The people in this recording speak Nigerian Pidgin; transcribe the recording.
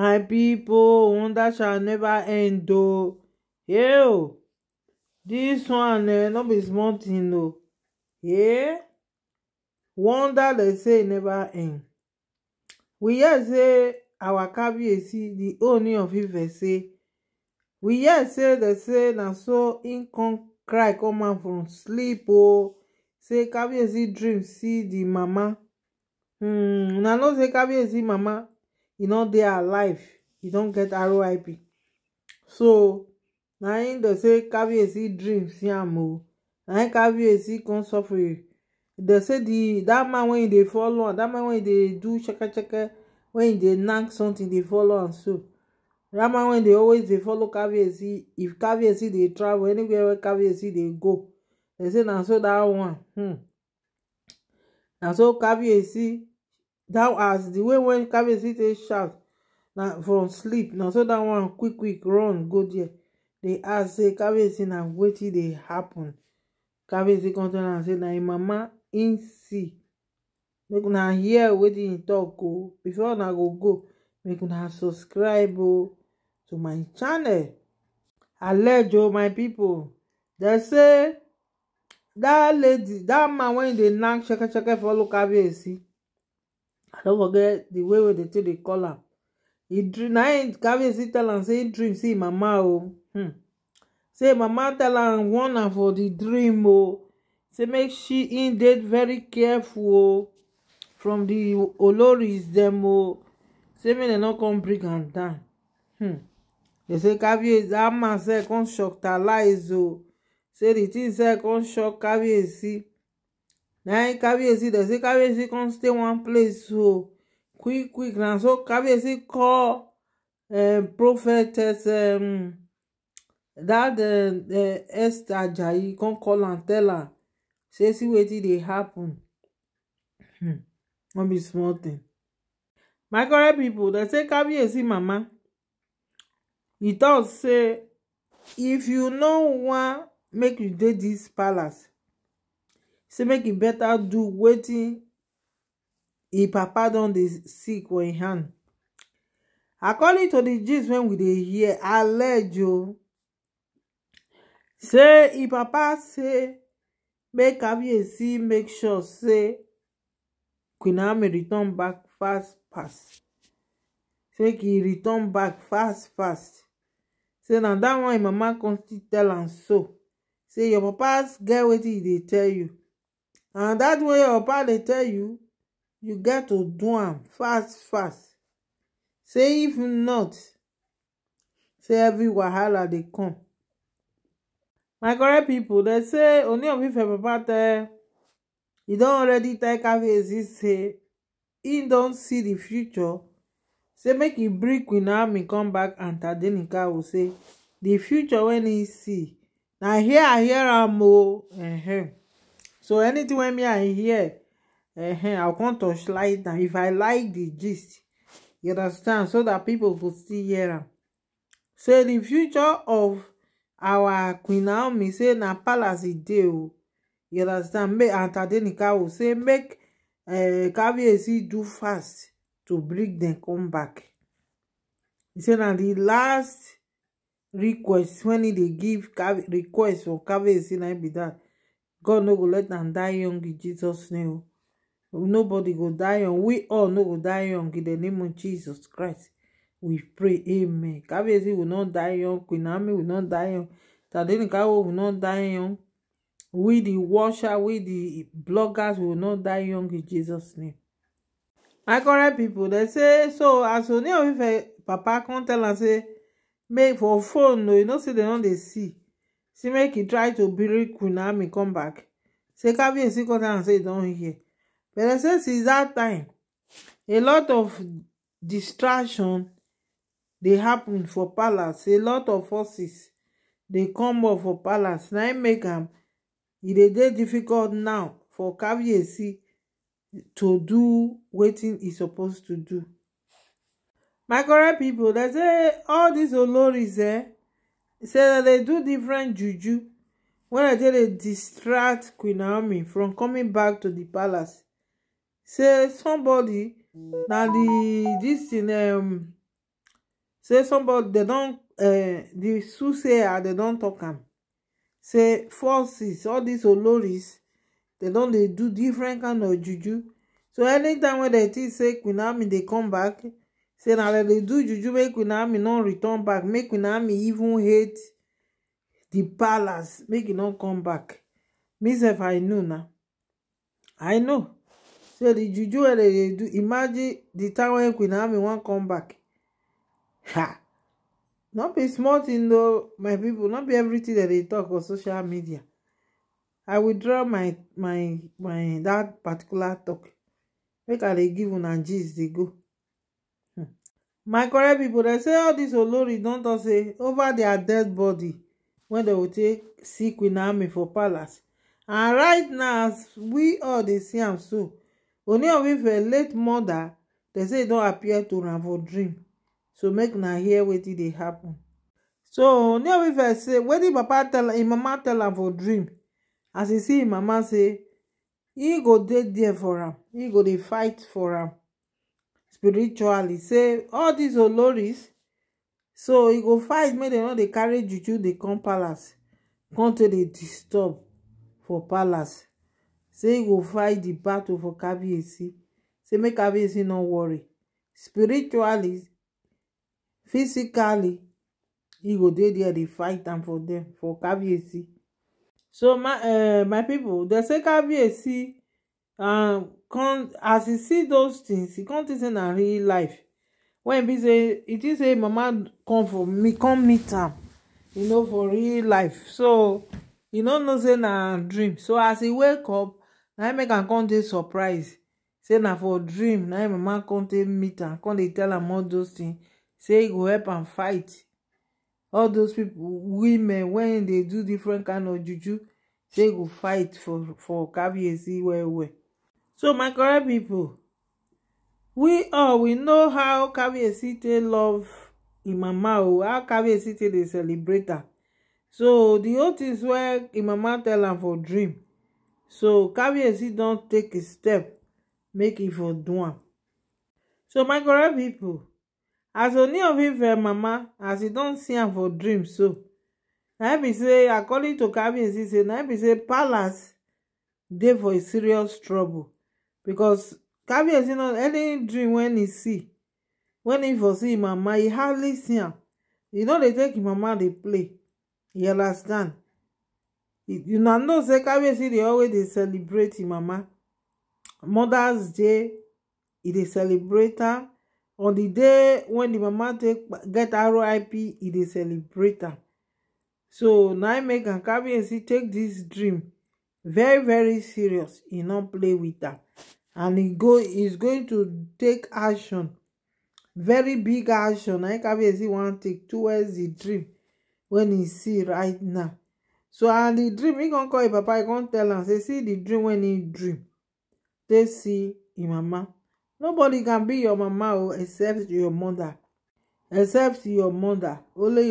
And people wonder shall never end o yeah o oh. dis one eh no be small tin o yeah wonder dey say never end we hear say our kabiyesi the Ooni of Ife say we hear say dey say na so im come cry come out from sleep o oh. say kabiyesi dream see the mama hmm una know say kabiyesi mama You e know they are alive You e don't get roip so now im dey say kabiyesi dream see am o na im kabiyesi come suffer They say the that man when they e follow that man when they do chekecheke wey when they knock something they follow and so that man when they always they follow kabiyesi if kabiyesi they travel anywhere wey kabiyesi they go they say now so that one hmm. na so kabiyesi thou as the way when kabiyesi take shout na from sleep na so that one quick quick run go there dey ask say kabiyesi na wetin dey happen kabiyesi come tell am say na im mama im see make una hear wetin im talk o before una go go make una subscribe o to my channel alejo my people. dem say dat lady dat man wey dey knack shekesheke follow kabiyesi i don't forget the way wey dem take dey call am e dream na him kabiyesi tell am say e dream see him mama o hmm. say mama tell am warn am for the dream o say make she him dey very careful o from the oloris dem o say make dem no come bring am down hmm. They say kabiyesi dat man sef come shock talize. lies o say the thing sef come shock kabiyesi na kábíyèsí dem say kábíyèsí come stay one place so quick quick na so kábíyèsí call um, prophetess um, that uh, uh, Esther Ajayi come call am tell am say see wetin dey happen hmm. no be small thing my correct pipo dem say kábíyèsí mama e talk say if you no wan make you dey dis palace say make e better do waiting. e papa don dey sick for im hand according to the gist when we dey hear alejo say im papa say make kabiyesi make sure say queen naomi return back fast fast make e return back fast fast say na that one im mama come still tell am so say your papa get wetin He dey tell you and that way oba dey tell you you get to do am fast fast say if not say every wahala dey come my correct people, dem say only of ife papa tell e don already tell caviecy say e don see the future say make e bring queen army come back and tadenikawo say the future wey e see na here i hear am o ehem so anything when me i hear uh, i'll come touch light am if i like the gist you understand so that people could still hear So the future of our queen naomi say na palace e oh. you understand make and tadenikawo oh, say make uh, eh, kabiyesi do fast to bring them come back e say na the last request when they dey give request for kabiyesi na be that god no go let them die young in jesus name nobody go die young we all no go die young in the name of jesus christ we pray amen kabezi will not die young queen ami will not die young tadenikawo will not die young we the washer we the bloggers will not die young in jesus name my correct people, they say so as soon as ife papa come tell and say make for phone No, you know see dem no dey see say make he try to bring queen army come back say kabiyesi cut am say e don hear but say since that time a lot of distraction they happen for palace a lot of forces they come up for palace Now make him it is dey difficult now for kabiyesi to do wetin e supposed to do my correct people, dem say all dis oloris eh Say that they do different juju when I tell they distract Queen Naomi from coming back to the palace. Say somebody now the this thing um say somebody they don uh, eh, the soothsayer they don't talk am say forces all these oloris they don't they do different kind of juju so anytime when they think say Queen Naomi they come back say na dem dey do juju make queen naomi no return back make queen naomi even hate di palace make e no come back me sef i know na i know say di juju wey dem dey do imagine di time when queen naomi wan come back ha no be small thing though, my people. no be everything dem dey talk for social media i withdraw my my my dat particular talk. make i dey give una gist dey go my correct people, dem say all dis olori don tok say over their dead body when they will take see queen naomi for palace and right now as we all dey see am so oni of ife late mother dem say e don appear to am for dream so make na hear wetin dey happen. so oni of ife say wetin papa tell im mama tell am for dream as e see im mama say e go dey there for am e go dey fight for am spiritually say all these oloris so e go fight make dem no dey carry juju dey come palace come to dey disturb for palace say e go fight di battle for kabiyesi say make kabiyesi no worry spiritually physically e go dey there dey fight am for dem for kabiyesi so my uh, my people, dem say kabiyesi um come as he see those things he can't see say na real life when e be say it is a mama come for me come meet him. you know for real life so he no know say na dream so as he wake up I make am come dey surprise say na for dream na him mama come meet him. come dey tell him all those things say e go help and fight all those people women when they do different kind of juju say e go fight for for kabiyesi well well so my correct people, we all we know how caviarcy take love im how caviarcy take dey celebrate her so the whole is where Imama tell am for dream so caviarcy don't take a step make e for do so my correct people, as only of ife mama as e don't see am for dream so I e be say according to caviarcy say I e be say palace dey for serious trouble because is you know any dream when he see when he foresee mama he hardly see am e no dey take mama they play you understand You know say Kabiyesi dey always they celebrate him mama Mother's Day e dey celebrator on the day when the mama take get RIP e dey celebrate am so na im make am Kabiyesi take this dream very very serious e no play with that and he go is going to take action very big action I be see one take towards the dream when he see right now so and the dream he con call his papa he con tell him. say see the dream when he dream take see him mama nobody can be your mama except your mother except your mother only.